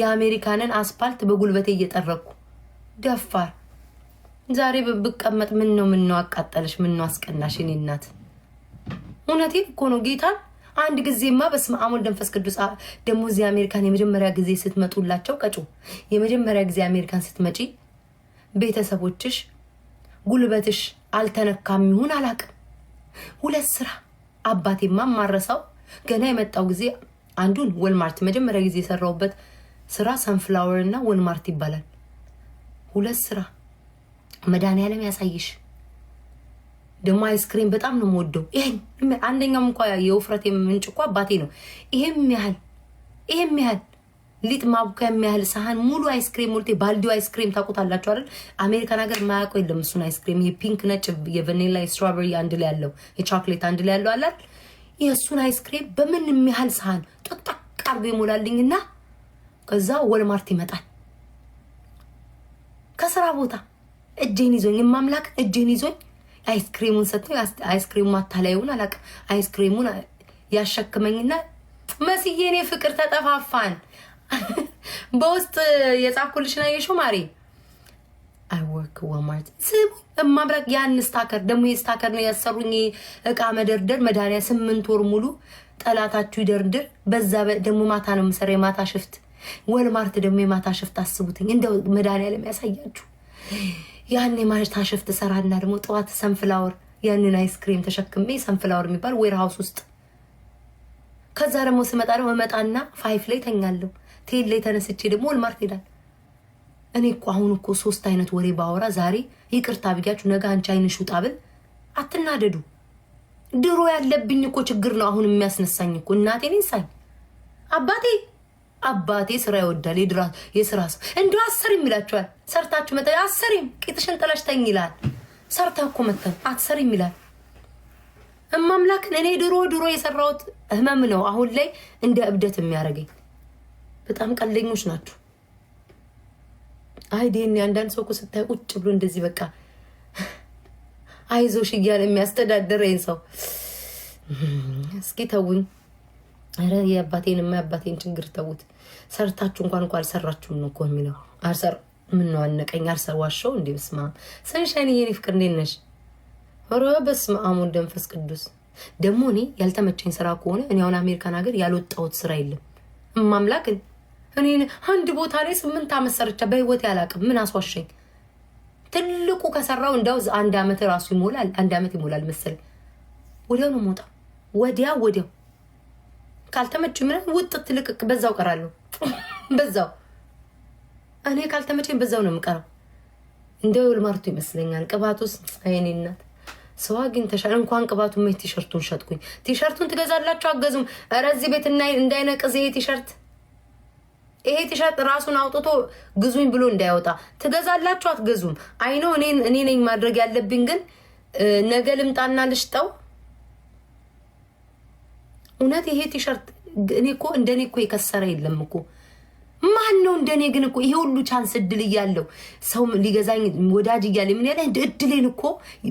የአሜሪካንን አስፓልት በጉልበቴ እየጠረኩ ደፋር ዛሬ ብቀመጥ ምን ነው ምን ነው አቃጠለሽ? ምን ነው አስቀናሽ? እኔ እናት እውነቴን እኮ ነው ጌታን አንድ ጊዜማ በስመ አብ ወልድ መንፈስ ቅዱስ ደግሞ እዚህ አሜሪካን የመጀመሪያ ጊዜ ስትመጡላቸው ቀጩ የመጀመሪያ ጊዜ አሜሪካን ስትመጪ ቤተሰቦችሽ ጉልበትሽ አልተነካም ይሁን አላቅም። ሁለት ስራ አባቴማ ማረሳው ገና የመጣው ጊዜ አንዱን ወልማርት መጀመሪያ ጊዜ የሰራውበት ስራ ሰንፍላወር እና ወንማርት ይባላል። ሁለት ስራ መድኃኒዓለም ያሳይሽ። ደግሞ አይስክሪም በጣም ነው የምወደው። ይሄን አንደኛም እንኳ የውፍረት ምንጭ እኮ አባቴ ነው። ይሄም ያህል ይሄም ያህል ሊጥ ማቡካ የሚያህል ሳህን ሙሉ አይስክሬም ሞልቴ ባልዲው አይስክሬም ታውቁታላችሁ አይደል? አሜሪካን ሀገር ማያውቀው የለም እሱን አይስክሬም። ይሄ ፒንክ ነጭ፣ የቫኒላ የስትራበሪ አንድ ላይ ያለው የቻክሌት አንድ ላይ ያለው አላል። የእሱን አይስክሬም በምን የሚያህል ሳህን ጠጣቅ አርጎ ይሞላልኝና ከዛ ወልማርት ይመጣል ከስራ ቦታ እጄን ይዞኝ የማምላክ እጄን ይዞኝ አይስክሪሙን ሰጥቶ አይስክሪሙ አታላዩን አላውቅም። አይስክሪሙን ያሸክመኝና መስዬ እኔ ፍቅር ተጠፋፋን። በውስጥ የጻፍኩልሽ ነው የሾ ማሪ አይ ወርክ ወማርት ስሙ እማብራቅ ያን ስታከር ደግሞ የስታከር ነው ያሰሩኝ እቃ መደርደር መዳሪያ ስምንት ወር ሙሉ ጠላታችሁ ይደርድር። በዛ ደግሞ ማታ ነው የምሰራ የማታ ሽፍት ወልማርት ደግሞ የማታ ሽፍት አስቡትኝ። እንደው መድኃኒዓለም ያሳያችሁ። ያን የማታ ሽፍት ሰራና ደግሞ ጠዋት ሰንፍላወር ያንን አይስክሪም ተሸክሜ ሰንፍላወር የሚባል ዌር ውስጥ ከዛ ደግሞ ስመጣ ደግሞ እመጣና ፋይፍ ላይ ተኛለሁ። ቴል ላይ ተነስቼ ደግሞ ወልማርት ሄዳል። እኔ እኮ አሁን እኮ ሶስት አይነት ወሬ ባወራ ዛሬ ይቅርታ ብያችሁ ነገ አንቺ አይንሽ ውጣ ብል አትናደዱ። ድሮ ያለብኝ እኮ ችግር ነው አሁን የሚያስነሳኝ እኮ እናቴን ይንሳኝ አባቴ አባቴ ስራ ይወዳል የስራ ሰው እንዲሁ አሰሪም ይላቸዋል። ሰርታችሁ መ አሰሪም ቂጥሽን ጥለሽ ይላል። ሰርታ እኮ መተ አትሰሪም ይላል። እማምላክን እኔ ድሮ ድሮ የሰራሁት ህመም ነው አሁን ላይ እንደ እብደት የሚያደርገኝ። በጣም ቀልደኞች ናችሁ። አይ ዴኔ አንዳንድ ሰው እኮ ስታይ ቁጭ ብሎ እንደዚህ በቃ አይዞሽ እያለ የሚያስተዳድረኝ ሰው እስኪ ተውኝ። ኧረ ማ የአባቴን ችግር ተውት። ሰርታችሁ እንኳን እንኳ አልሰራችሁም ነው እኮ የሚለው አልሰር ምን ነው አነቀኝ አልሰዋሸው እንዴ! በስመ አብ ሰንሻይን፣ የኔ ፍቅር እንዴት ነሽ? ኧረ በስመ አብ ወወልድ ወመንፈስ ቅዱስ። ደግሞ እኔ ያልተመቸኝ ስራ ከሆነ እኔ አሁን አሜሪካን ሀገር ያልወጣሁት ስራ የለም። እማምላክን እኔ አንድ ቦታ ላይ ስምንት ዓመት ሰርቻ በህይወት ያላቅም ምን አስዋሸኝ? ትልቁ ከሰራው እንዳው አንድ ዓመት ራሱ ይሞላል አንድ ዓመት ይሞላል መሰለኝ። ወዲያው ነው የምወጣው ወዲያ ወዲያው ካልተመች ምናምን ውጥት ልቅቅ በዛው ቀራለሁ። በዛው እኔ ካልተመቸኝ በዛው ነው የምቀረው። እንደው ልማርቱ ይመስለኛል ቅባቱስ አይኔ እናት ሰው አግኝተሻል። እንኳን ቅባቱ መ ቲሸርቱን ሸጥኩኝ። ቲሸርቱን ትገዛላችሁ አገዙም። ረዚህ ቤት እንዳይነቅዝ ይሄ ቲሸርት ይሄ ቲሸርት ራሱን አውጥቶ ግዙኝ ብሎ እንዳይወጣ ትገዛላችሁ አትገዙም? አይነው እኔ ነኝ ማድረግ ያለብኝ ግን ነገ ልምጣና ልሽጠው እውነት ይሄ ቲሸርት እኔ እኮ እንደኔ እኮ የከሰረ የለም እኮ ማን ነው እንደኔ ግን እኮ ይሄ ሁሉ ቻንስ እድል እያለው ሰው ሊገዛኝ ወዳጅ እያለ ምን ያለ እድሌን እኮ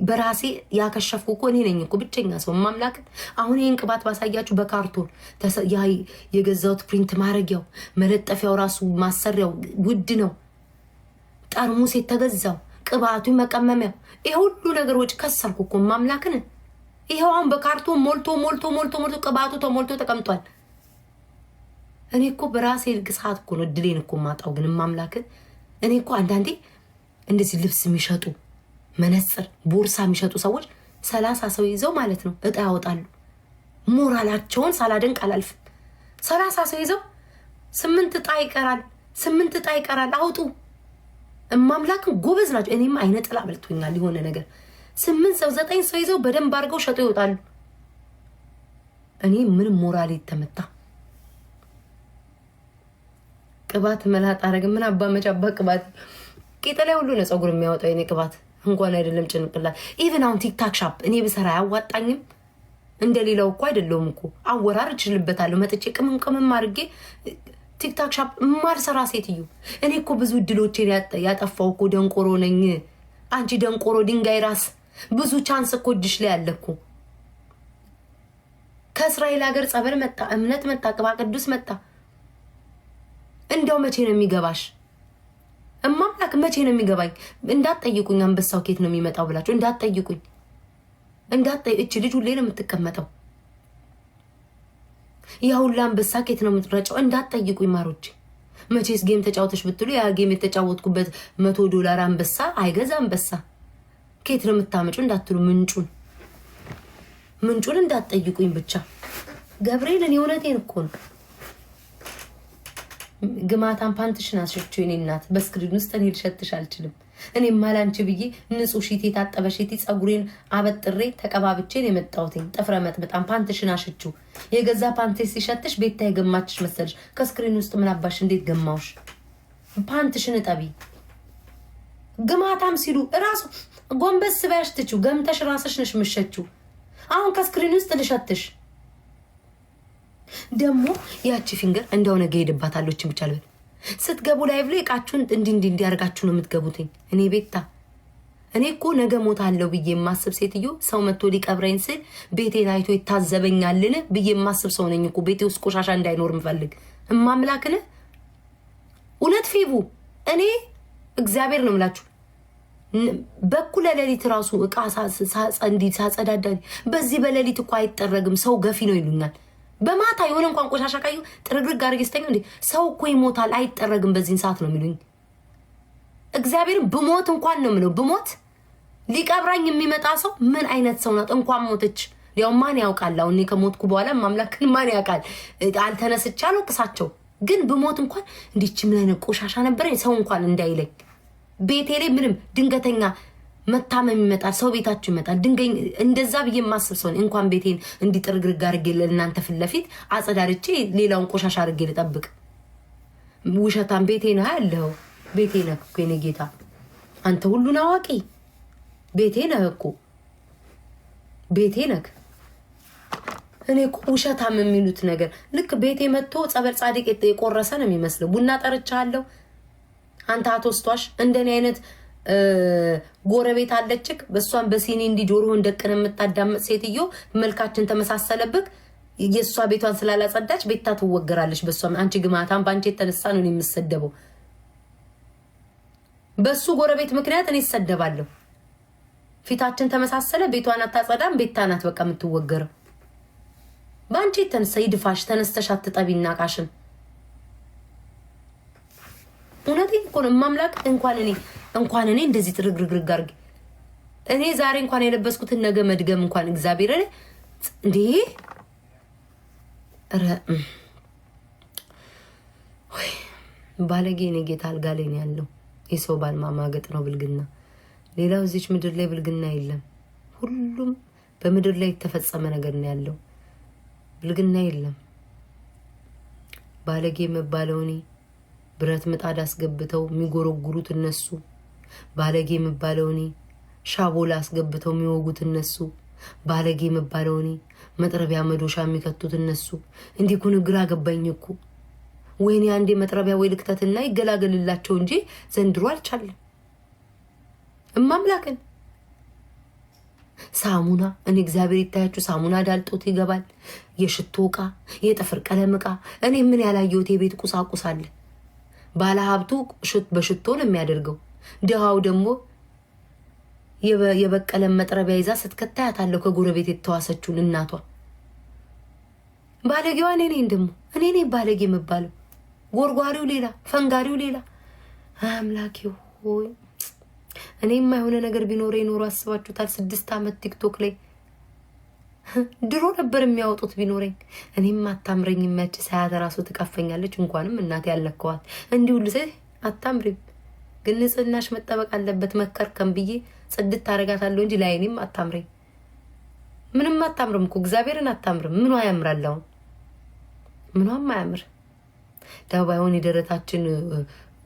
በራሴ ያከሸፍኩ እኮ እኔ ነኝ እኮ ብቸኛ ሰው ማምላክን። አሁን ይህን ቅባት ባሳያችሁ በካርቶን የገዛሁት ፕሪንት ማድረጊያው መለጠፊያው ራሱ ማሰሪያው ውድ ነው። ጠርሙስ የተገዛው ቅባቱ መቀመሚያው ይሄ ሁሉ ነገር ወጪ ከሰርኩ እኮ ማምላክን። ይኸው አሁን በካርቶን ሞልቶ ሞልቶ ሞልቶ ሞልቶ ቅባቱ ተሞልቶ ተቀምጧል። እኔ እኮ በራሴ ሰዓት እኮ ነው ድሌን እኮ ማጣው። ግን ማምላክን እኔ እኮ አንዳንዴ እንደዚህ ልብስ የሚሸጡ መነጽር ቦርሳ የሚሸጡ ሰዎች ሰላሳ ሰው ይዘው ማለት ነው እጣ ያወጣሉ። ሞራላቸውን ሳላደንቅ አላልፍም። ሰላሳ ሰው ይዘው ስምንት እጣ ይቀራል፣ ስምንት እጣ ይቀራል፣ አውጡ። እማምላክን ጎበዝ ናቸው። እኔም አይነ ጥላ በልቶኛል የሆነ ነገር ስምንት ሰው ዘጠኝ ሰው ይዘው በደንብ አድርገው ሸጡ ይወጣሉ። እኔ ምን ሞራሌ ተመታ። ቅባት መላጥ አረግ ምን አባ መጫባ ቅባት ቄጠ ላይ ሁሉ ነው ፀጉር የሚያወጣው የኔ ቅባት እንኳን አይደለም ጭንቅላት። ኢቨን አሁን ቲክታክ ሻፕ እኔ ብሰራ አያዋጣኝም። እንደሌላው እኮ አይደለውም እኮ አወራር እችልበታለሁ። መጥቼ ቅምም ቅምም አድርጌ ቲክታክ ሻፕ ማልሰራ ሴትዮ እኔ እኮ ብዙ እድሎቼን ያጠፋው እኮ ደንቆሮ ነኝ። አንቺ ደንቆሮ ድንጋይ ራስ ብዙ ቻንስ እኮ እጅሽ ላይ ያለኩ እኮ ከእስራኤል ሀገር ጸበል መጣ፣ እምነት መጣ፣ ቅባ ቅዱስ መጣ። እንዲያው መቼ ነው የሚገባሽ? እማምላክ መቼ ነው የሚገባኝ? እንዳትጠይቁኝ አንበሳው ኬት ነው የሚመጣው ብላችሁ እንዳትጠይቁኝ። እንዳትጠይ እች ልጅ ሁሌ ነው የምትቀመጠው። ያ ሁላ አንበሳ ኬት ነው የምትረጨው? እንዳትጠይቁኝ ማሮች። መቼስ ጌም ተጫወተሽ ብትሉ ያ ጌም የተጫወትኩበት መቶ ዶላር አንበሳ አይገዛ አንበሳ ከየት ነው የምታመጩ እንዳትሉ ምንጩን ምንጩን እንዳትጠይቁኝ ብቻ። ገብርኤል እኔ እውነቴን እኮ ነው። ግማታን ፓንትሽን አሸችው የኔ እናት በስክሪን ውስጥ እኔ ልሸትሽ አልችልም። እኔም ማላንቺ ብዬ ንጹህ ሺቴ የታጠበ ሺቴ ፀጉሬን አበጥሬ ተቀባብቼን የመጣሁትኝ ጥፍረ መጥምጣም ፓንትሽን አሸችው። የገዛ ፓንቴ ሲሸትሽ ቤታ የገማችሽ መሰለሽ? ከስክሪን ውስጥ ምናባሽ እንዴት ገማውሽ? ፓንትሽን እጠቢ። ግማታም ሲሉ እራሱ ጎንበስ በያሽ ትችው ገምተሽ ራስሽ ነሽ ምሸችው። አሁን ከስክሪን ውስጥ ልሸትሽ ደግሞ ያቺ ፊንገር እንደው ነገ ሄድባታለሁ። ይህችን ብቻ ልበል ስትገቡ ላይቭ ላይ እቃችሁን እንዲ እንዲ እንዲያርጋችሁ ነው የምትገቡትኝ። እኔ ቤታ እኔ እኮ ነገ ሞታለሁ ብዬ የማስብ ሴትዮ ሰው መቶ ሊቀብረኝ ስል ቤቴን አይቶ ይታዘበኛልን ብዬ የማስብ ሰው ነኝ እኮ ቤቴ ውስጥ ቆሻሻ እንዳይኖር ምፈልግ እማምላክን እውነት ፌቡ እኔ እግዚአብሔር ነው ምላችሁ በኩለ ሌሊት ራሱ እቃ ሳጸንዲ ሳጸዳዳ በዚህ በሌሊት እኮ አይጠረግም ሰው ገፊ ነው ይሉኛል። በማታ የሆነ እንኳን ቆሻሻ ቃዩ ጥርግርግ አድርጌ ስተኛ እንዴ ሰው እኮ ይሞታል አይጠረግም በዚህን ሰዓት ነው የሚሉኝ። እግዚአብሔርን ብሞት እንኳን ነው የምለው ብሞት ሊቀብራኝ የሚመጣ ሰው ምን አይነት ሰው ናት? እንኳን ሞተች። ያው ማን ያውቃል? አሁን ከሞትኩ በኋላ ማምላክን ማን ያውቃል? አልተነስቻ ነው ቅሳቸው ግን ብሞት እንኳን እንዲች ምን አይነት ቆሻሻ ነበረኝ ሰው እንኳን እንዳይለኝ ቤቴ ላይ ምንም ድንገተኛ መታመም ይመጣል፣ ሰው ቤታችሁ ይመጣል። ድንገኝ እንደዛ ብዬ የማስብ ሰው እንኳን ቤቴን እንዲጥርግርግ አድርጌ ለእናንተ ፊት ለፊት አጸዳርቼ ሌላውን ቆሻሻ አድርጌ ልጠብቅ። ውሸታም ቤቴ ነህ ያለኸው ቤቴ ነህ እኮ ጌታ፣ አንተ ሁሉን አዋቂ ቤቴ ነህ እኮ ቤቴ ነህ። እኔ ውሸታም የሚሉት ነገር ልክ ቤቴ መጥቶ ጸበል ጻድቅ የቆረሰ ነው የሚመስለው። ቡና ጠርቻለሁ አንተ አቶ ስቷሽ እንደኔ አይነት ጎረቤት አለችክ። በእሷን በሲኒ እንዲ ጆሮ እንደቅን የምታዳምጥ ሴትዮ መልካችን ተመሳሰለብክ። የእሷ ቤቷን ስላላጸዳች ቤታ ትወገራለች። በእሷ አንቺ ግማታን በአንቺ የተነሳ ነው የምሰደበው። በእሱ ጎረቤት ምክንያት እኔ ይሰደባለሁ። ፊታችን ተመሳሰለ፣ ቤቷን አታጸዳም። ቤታ ናት በቃ የምትወገረው በአንቺ የተነሳ። ይድፋሽ፣ ተነስተሽ አትጠቢ እናቃሽን እውነቴን እኮ ነው የማምላክ እንኳን እኔ እንኳን እኔ እንደዚህ ጥርግርግርግ አድርጌ እኔ ዛሬ እንኳን የለበስኩትን ነገ መድገም እንኳን እግዚአብሔር እንዴ ባለጌ እኔ ጌታ አልጋ ላይ ነው ያለው። የሰው ባል ማማገጥ ነው ብልግና። ሌላው እዚች ምድር ላይ ብልግና የለም። ሁሉም በምድር ላይ የተፈጸመ ነገር ነው ያለው። ብልግና የለም። ባለጌ የምባለው እኔ ብረት ምጣድ አስገብተው የሚጎረጉሩት እነሱ፣ ባለጌ የምባለው እኔ። ሻቦላ አስገብተው የሚወጉት እነሱ፣ ባለጌ የምባለው እኔ። መጥረቢያ መዶሻ የሚከቱት እነሱ። እንዲህ ኩን ግራ አገባኝ እኮ። ወይኔ አንዴ መጥረቢያ ወይ ልክተትና ይገላገልላቸው እንጂ ዘንድሮ አልቻለም። እማምላክን ሳሙና እኔ እግዚአብሔር ይታያችሁ፣ ሳሙና ዳልጦት ይገባል። የሽቶ ዕቃ፣ የጥፍር ቀለም እቃ እኔ ምን ያላየሁት የቤት ቁሳቁስ አለ። ባለሀብቱ በሽቶ ነው የሚያደርገው። ድሃው ደግሞ የበቀለን መጥረቢያ ይዛ ስትከታያታለሁ ከጎረቤት የተዋሰችውን እናቷ ባለጌዋ እኔ ነኝ ደግሞ እኔ ነኝ ባለጌ የምባለው። ጎርጓሪው ሌላ፣ ፈንጋሪው ሌላ። አምላኬ ሆይ እኔ የማይሆነ ነገር ቢኖረ ይኖሩ አስባችሁታል? ስድስት ዓመት ቲክቶክ ላይ ድሮ ነበር የሚያወጡት ቢኖረኝ እኔም አታምረኝ መች ሳያት ራሱ ትቀፈኛለች። እንኳንም እናቴ ያለከዋት እንዲሁ ልሰ አታምሪም፣ ግን ንጽህናሽ መጠበቅ አለበት መከርከም ብዬ ጽድት አደርጋታለሁ እንጂ ላይኔም አታምረኝ። ምንም አታምርም እኮ እግዚአብሔርን አታምርም። ምኗ ያምራል? ምኗም አያምር። ዳው ባይሆን የደረታችን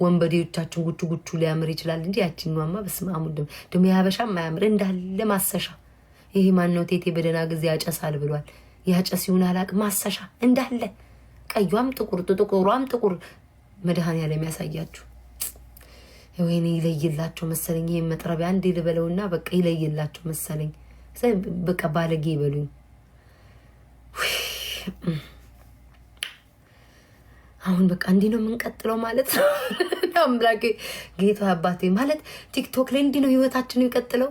ወንበዴዎቻችን ጉቹ ጉቹ ሊያምር ይችላል እንጂ ያችኛማ በስመ አብ ወወልድ ደግሞ የሀበሻ ማያምር እንዳለ ማሰሻ ይሄ ማን ቴቴ በደህና ጊዜ ያጨሳል ብሏል። ያጨስ ይሁን አላቅ ማሰሻ እንዳለ ቀዩም ጥቁር ጥቁሯም ጥቁር መድኃኔዓለም ያሳያችሁ። ወይኔ ይለይላቸው መሰለኝ። ይህ መጥረቢያ አንድ ልበለውና በቃ ይለይላቸው መሰለኝ። በቃ ባለጌ ይበሉኝ። አሁን በቃ እንዲህ ነው የምንቀጥለው ማለት ነው። አምላኬ ጌታ አባቴ ማለት ቲክቶክ ላይ እንዲህ ነው ህይወታችን የሚቀጥለው።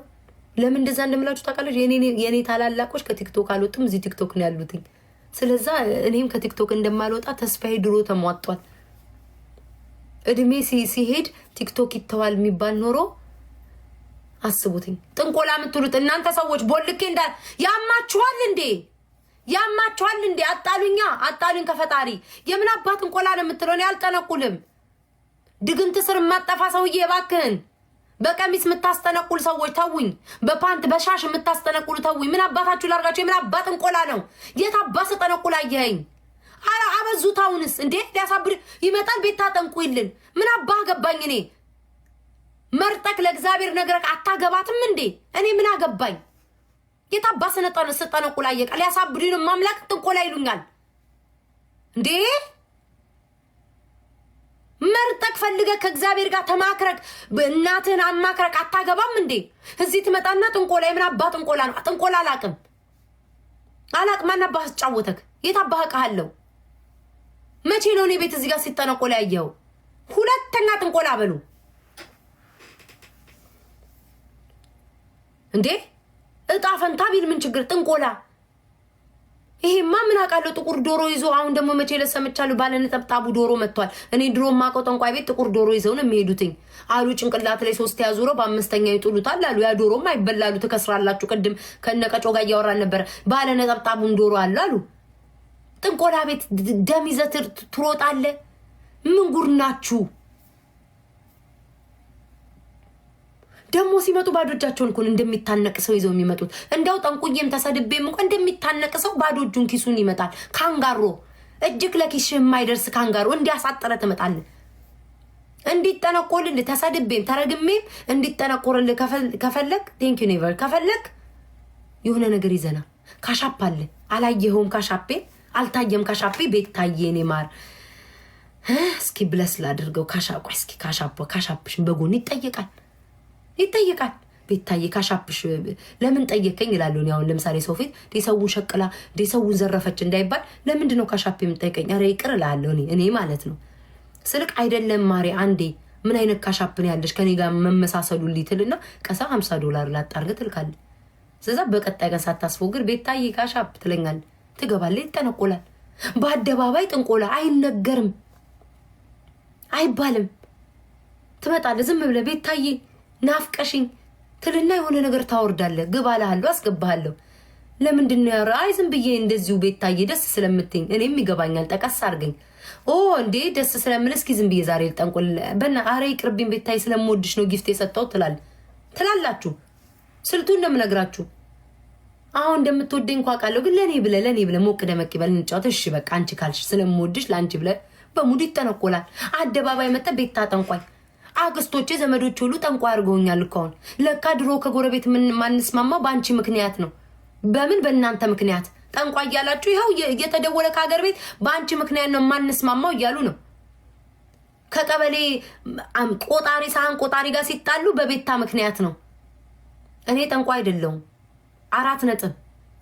ለምን እንደዛ እንደምላችሁ ታውቃለች። የኔ ታላላቆች ከቲክቶክ አልወጡም፣ እዚህ ቲክቶክ ነው ያሉትኝ። ስለዛ እኔም ከቲክቶክ እንደማልወጣ ተስፋዬ ድሮ ተሟጧል። እድሜ ሲሄድ ቲክቶክ ይተዋል የሚባል ኖሮ አስቡትኝ። ጥንቆላ የምትሉት እናንተ ሰዎች ቦልኬ እንዳ ያማችኋል እንዴ? ያማችኋል እንዴ? አጣሉኛ አጣሉኝ ከፈጣሪ የምን አባት ጥንቆላ ነው የምትለው? እኔ አልጠነቁልም። ድግምት ስር የማጠፋ ሰውዬ እባክህን በቀሚስ የምታስጠነቁል ሰዎች ተውኝ። በፓንት በሻሽ የምታስጠነቁሉ ተውኝ። ምን አባታችሁ ላርጋችሁ? የምን አባት እንቆላ ነው? የት አባስ ስጠነቁል አየኸኝ? አረ አበዙት። አሁንስ እንዴ ይመጣል። ቤት ታጠንቁልን። ምን አባ ገባኝ እኔ መርጠቅ ለእግዚአብሔር ነገረ አታገባትም እንዴ? እኔ ምን አገባኝ? የት አባት ስጠነቁል አየህ? ሊያሳብዱን ማምላክ ጥንቆላ ይሉኛል እንዴ? መርጠቅ ፈልገህ ከእግዚአብሔር ጋር ተማክረክ እናትህን አማክረክ አታገባም እንዴ? እዚህ ትመጣና ጥንቆላ የምን አባ ጥንቆላ ነው? ጥንቆላ አላቅም አላቅም። ማን አባህ አስጫወተክ? የት አባህ መቼ ነው እኔ ቤት እዚህ ጋር ሲጠነቆላ ያየኸው? ሁለተኛ ጥንቆላ በሉ እንዴ! እጣ ፈንታ ቢል ምን ችግር ጥንቆላ ይሄማ ምን አውቃለሁ። ጥቁር ዶሮ ይዞ አሁን ደግሞ መቼ ለሰምቻለሁ፣ ባለነጠብጣቡ ዶሮ መጥቷል። እኔ ድሮ ማውቀው ጠንቋይ ቤት ጥቁር ዶሮ ይዘው ነው የሚሄዱትኝ አሉ። ጭንቅላት ላይ ሶስት ያዙሮ በአምስተኛ ይጥሉታል አሉ። ያ ዶሮም አይበላሉ፣ ትከስራላችሁ። ቅድም ከነቀጮ ጋር እያወራን ነበረ። ባለነጠብጣቡም ዶሮ አለ አሉ። ጥንቆላ ቤት ደም ይዘህ ትሮጣለህ። ምን ጉድ ናችሁ? ደግሞ ሲመጡ ባዶ እጃቸውን እኮ እንደሚታነቅ ሰው ይዘው የሚመጡት። እንደው ጠንቁዬም ተሰድቤም እንኳ እንደሚታነቅ ሰው ባዶ እጁን ኪሱን ይመጣል። ካንጋሮ እጅግ ለኪስሽ የማይደርስ ካንጋሮ እንዲያሳጠረ ትመጣል። እንዲጠነቆልል ተሰድቤም ተረግሜም እንዲጠነቆርል ከፈለግ ቴንክ ዩኒቨር ከፈለግ የሆነ ነገር ይዘና ካሻፓል አላየኸውም? ካሻፔ አልታየም? ካሻፔ ቤት ታየ። እኔ ማር እስኪ ብለስ ላድርገው። ካሻ እስኪ ካሻፕሽን በጎን ይጠየቃል ይጠየቃል። ቤታዬ ካሻፕሽ ለምን ጠየቀኝ ይላሉ። እኔ አሁን ለምሳሌ ሰው ፊት ሰውን ሸቅላ ሰውን ዘረፈች እንዳይባል ለምንድን ነው ካሻፕ የምጠይቀኝ? ኧረ ይቅር እላለሁ እኔ ማለት ነው። ስልክ አይደለም ማሪ አንዴ ምን አይነት ካሻፕ ነው ያለሽ ከኔ ጋር መመሳሰሉ ሊትልና ቀሳ 50 ዶላር ላጣርግ ትልካለ። ስለዛ በቀጣይ ቀን ሳታስፎግር ቤታዬ ካሻፕ ትለኛል። ትገባለ፣ ይጠነቆላል። በአደባባይ ጥንቆላ አይነገርም አይባልም። ትመጣለ ዝም ብለ ቤታዬ ናፍቀሽኝ ትልና የሆነ ነገር ታወርዳለህ። ግባ እልሃለሁ፣ አስገባሃለሁ። ለምንድን ነው ያወራ? አይ ዝም ብዬ እንደዚሁ ታየ ደስ ስለምትኝ እኔም ይገባኛል። ጠቀስ አድርገኝ። ኦ እንዴ ደስ ስለምል እስኪ ዝም ብዬ ዛሬ ልጠንቁል በና። አረ ይቅርብኝ፣ ቤታዬ ስለምወድሽ ነው ጊፍት የሰጠው ትላል ትላላችሁ። ስልቱ እንደምነግራችሁ አሁን እንደምትወደኝ እንኳ ቃለሁ፣ ግን ለእኔ ብለ ለእኔ ብለ ሞቅ ደመቅ ይበል እንጫወት። እሺ በቃ አንቺ ካልሽ ስለምወድሽ ለአንቺ ብለ በሙድ ይጠነቆላል። አደባባይ መጠ ቤት ታጠንቋኝ አክስቶቼ፣ ዘመዶች ሁሉ ጠንቋ አድርገውኛል እኮ አሁን። ለካ ድሮ ከጎረቤት የማንስማማው በአንቺ ምክንያት ነው። በምን በእናንተ ምክንያት ጠንቋ እያላችሁ ይኸው እየተደወለ ከሀገር ቤት በአንቺ ምክንያት ነው የማንስማማው እያሉ ነው። ከቀበሌ ቆጣሪ ሳህን ቆጣሪ ጋር ሲጣሉ በቤታ ምክንያት ነው። እኔ ጠንቋ አይደለሁም። አራት ነጥብ።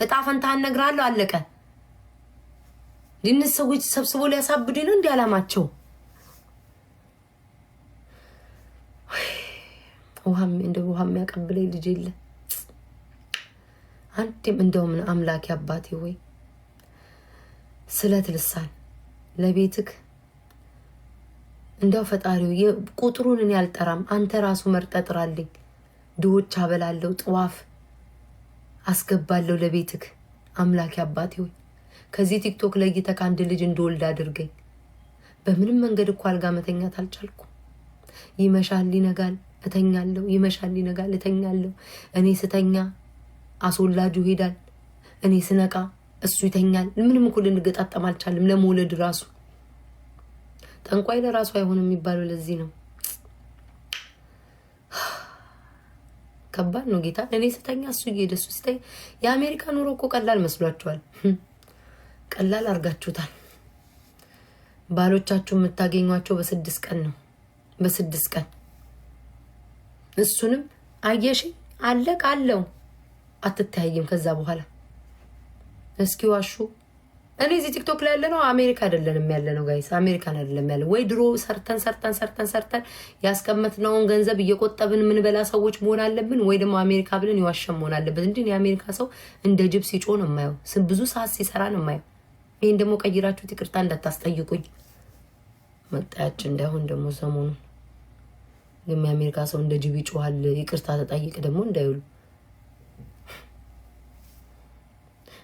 እጣ ፈንታህን እነግርሃለሁ። አለቀ። ድንስ ሰዎች ሰብስቦ ሊያሳብዱ ነው እንዲህ አላማቸው። ውሃም እንደ ውሃ የሚያቀብለኝ ልጅ የለ አንድም። እንደውም አምላኬ አባቴ ወይ ስለት ልሳን ለቤትክ እንደው ፈጣሪው ቁጥሩን እኔ አልጠራም። አንተ ራሱ መርጠጥራልኝ ጥራልኝ። ድሆች አበላለሁ፣ ጥዋፍ አስገባለሁ ለቤትክ። አምላኬ አባቴ ወይ ከዚህ ቲክቶክ ለይተህ አንድ ልጅ እንደወልድ አድርገኝ። በምንም መንገድ እኮ አልጋ መተኛት አልቻልኩም። ይመሻል፣ ይነጋል፣ እተኛለሁ፣ ይመሻል፣ ይነጋል፣ እተኛለሁ። እኔ ስተኛ አስወላጁ ይሄዳል፣ እኔ ስነቃ እሱ ይተኛል። ምንም እኮ ልንገጣጠም አልቻልም። ለመውለድ ራሱ ጠንቋይ ለራሱ አይሆንም የሚባለው ለዚህ ነው። ከባድ ነው ጌታ። እኔ ስተኛ እሱ እየሄደ እሱ ሲተኛ። የአሜሪካ ኑሮ እኮ ቀላል መስሏችኋል። ቀላል አድርጋችሁታል። ባሎቻችሁ የምታገኟቸው በስድስት ቀን ነው፣ በስድስት ቀን እሱንም አየሽ አለቅ አለው አትተያይም። ከዛ በኋላ እስኪ ዋሹ። እኔ እዚህ ቲክቶክ ላይ ያለ ነው አሜሪካ አይደለንም ያለ ነው ጋይስ፣ አሜሪካን አይደለም ያለ ወይ ድሮ ሰርተን ሰርተን ሰርተን ሰርተን ያስቀመጥነውን ገንዘብ እየቆጠብን ምንበላ ሰዎች መሆን አለብን፣ ወይ ደግሞ አሜሪካ ብለን የዋሸን መሆን አለበት። እንዲህ የአሜሪካ ሰው እንደ ጅብ ሲጮህ ነው የማየው፣ ብዙ ሰዓት ሲሰራ ነው የማየው። ይህን ደግሞ ቀይራችሁት ይቅርታ እንዳታስጠይቁኝ። መጣያችን እንዳይሆን ደግሞ ሰሞኑን ግን የአሜሪካ ሰው እንደ ጅብ ይጮሃል። ይቅርታ ተጠይቅ ደግሞ እንዳይሉ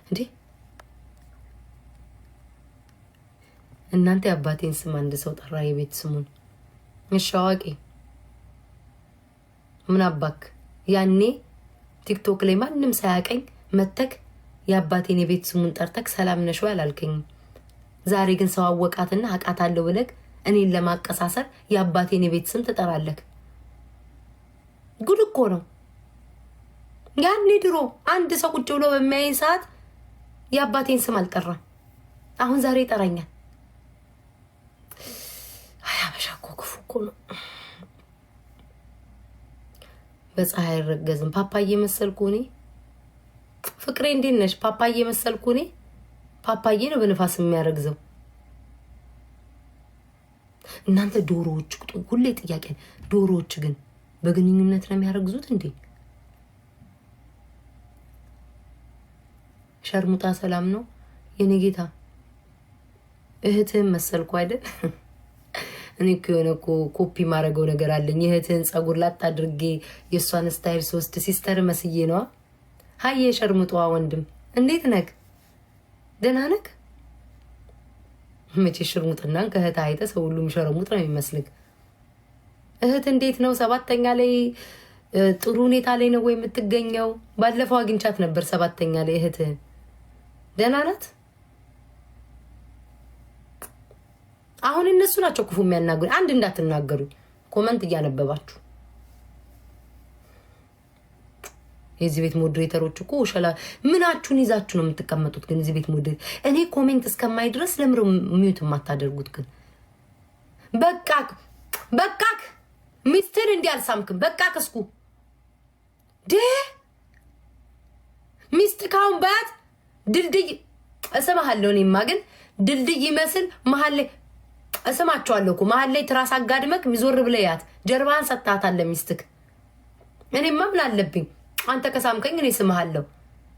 እንዴ እናንተ የአባቴን ስም አንድ ሰው ጠራ፣ የቤት ስሙን። እሺ አዋቂ ምን አባክ ያኔ ቲክቶክ ላይ ማንም ሳያቀኝ መተክ የአባቴን የቤት ስሙን ጠርተክ ሰላም ነሽ ወይ አላልከኝም። ዛሬ ግን ሰው አወቃትና አውቃታለሁ ብለህ እኔን ለማቀሳሰር የአባቴን የቤት ስም ትጠራለክ። ጉድ እኮ ነው። ያኔ ድሮ አንድ ሰው ቁጭ ብሎ በሚያይን ሰዓት የአባቴን ስም አልጠራም። አሁን ዛሬ ይጠራኛል። አያበሻ እኮ ክፉ እኮ ነው። በፀሐይ አይረገዝም። ፓፓዬ መሰልኩ እኔ ፍቅሬ፣ እንዴት ነሽ? ፓፓዬ መሰልኩ እኔ ፓፓዬ ነው በንፋስ የሚያረግዘው። እናንተ ዶሮዎች ሁሌ ጥያቄ ዶሮዎች ግን በግንኙነት ነው የሚያረግዙት እንዴ? ሸርሙጣ ሰላም ነው የኔ ጌታ። እህትህን መሰልኩ አይደል? እኔ እኮ የሆነ እኮ ኮፒ ማድረገው ነገር አለኝ። እህትህን ጸጉር ላጥ አድርጌ የእሷን ስታይል ሶስት ሲስተር መስዬ ነዋ። ሀየ ሸርሙጧ ወንድም እንዴት ነክ? ደህና ነክ? መቼ ሽርሙጥናን ከእህት አይተ ሰው ሁሉም ሸርሙጥ ነው የሚመስልክ። እህት እንዴት ነው? ሰባተኛ ላይ ጥሩ ሁኔታ ላይ ነው ወይ የምትገኘው? ባለፈው አግኝቻት ነበር ሰባተኛ ላይ እህትህን። ደህና ናት? አሁን እነሱ ናቸው ክፉ የሚያናገሩ። አንድ እንዳትናገሩ ኮመንት እያነበባችሁ የዚህ ቤት ሞዴሬተሮች እኮ ሸላ ምናችሁን ይዛችሁ ነው የምትቀመጡት? ግን እዚህ ቤት ሞዴሬት እኔ ኮሜንት እስከማይ ድረስ ለምረው ሚዩት የማታደርጉት ግን በቃክ በቃክ ሚስትን እንዲህ አልሳምክም። በቃ ክስኩ ዴ ሚስት ካሁን በያት ድልድይ እስምሃለሁ። እኔማ ግን ድልድይ ይመስል መሀል ላይ እስማቸዋለሁ እኮ መሀል ላይ ትራስ አጋድመክ ሚዞር ብለያት ጀርባን ሰታታለ ሚስትክ። እኔማ ምን አለብኝ? አንተ ከሳምከኝ እኔ ስምሃለሁ።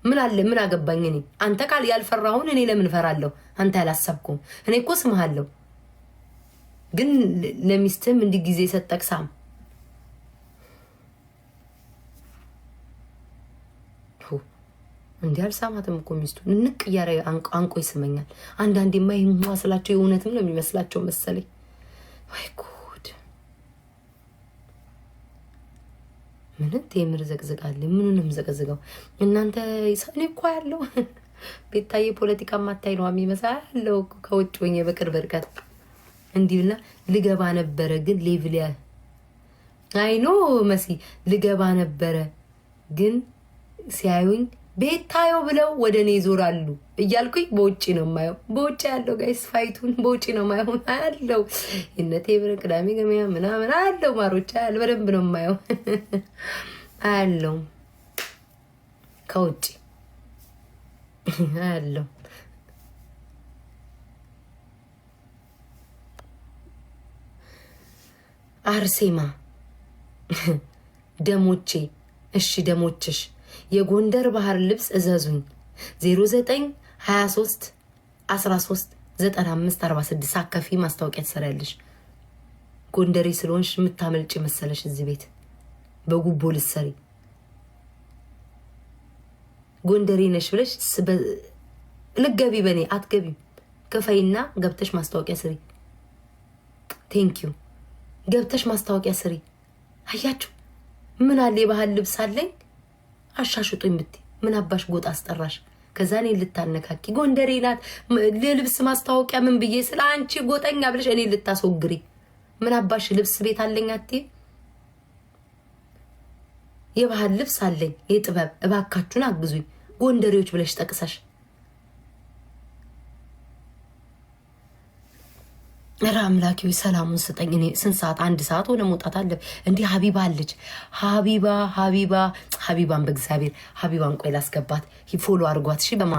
ምን አለ ምን አገባኝ እኔ። አንተ ቃል ያልፈራሁን እኔ ለምን ፈራለሁ? አንተ ያላሰብኩም እኔ እኮ ስምሃለሁ። ግን ለሚስትም እንዲህ ጊዜ ሰጠቅ ሳም እንዲህ አልሳማትም እኮ ሚስቱ ንቅ እያረ አንቆ ይስመኛል። አንዳንዴማ ይህማ ስላቸው የእውነትም ነው የሚመስላቸው መሰለኝ። ወይ ጉድ! ምንም የምር ዘቅዝቃለ ምንንም ዘቅዝቀው እናንተ እኔ እኮ ያለው ቤታዬ ፖለቲካ ማታይ ነው የሚመሳ ያለው ከውጭ ሆኜ በቅርብ ርቀት እንዲህ ልገባ ነበረ ግን ሌቭል አይኖ መሲ ልገባ ነበረ ግን ሲያዩኝ ቤታዮ ብለው ወደ እኔ ይዞራሉ እያልኩኝ በውጭ ነው ማየው። በውጭ ያለው ጋይስ ፋይቱን በውጭ ነው ማየው አለው ይነቴ ብረ ቅዳሜ ገበያ ምናምን አለው ማሮች ያለ በደንብ ነው ማየው አለው ከውጭ አለው አርሴማ ደሞቼ፣ እሺ ደሞችሽ፣ የጎንደር ባህር ልብስ እዘዙኝ 0923 13 ማስታወቂያ ትሰሪያለሽ። ጎንደሬ ስለሆንሽ የምታመልጭ መሰለሽ? እዚህ ቤት በጉቦ ልትሰሪ ጎንደሬ ነሽ ብለሽ ልገቢ በእኔ አትገቢም። ክፈይና ገብተሽ ማስታወቂያ ስሪ። ቴንኪዩ ገብተሽ ማስታወቂያ ስሪ። አያችሁ ምን አለ የባህል ልብስ አለኝ አሻሽጡኝ ብትይ ምን አባሽ ጎጥ አስጠራሽ? ከዛ እኔ ልታነካኪ ጎንደሬ ናት ለልብስ ማስታወቂያ ምን ብዬ ስለ አንቺ ጎጠኛ ብለሽ እኔ ልታስወግሪ ምን አባሽ ልብስ ቤት አለኝ አትይም? የባህል ልብስ አለኝ የጥበብ እባካችሁን አግዙኝ ጎንደሬዎች ብለሽ ጠቅሰሽ ራ አምላኪ ሰላሙን ስጠኝ። እኔ ስንት ሰዓት አንድ ሰዓት ሆነ መውጣት አለ እንዲህ ሀቢባ አለች። ሀቢባ ሀቢባ ሀቢባን በእግዚአብሔር ሀቢባን ቆይ ላስገባት ፎሎ አድርጓት እሺ በማ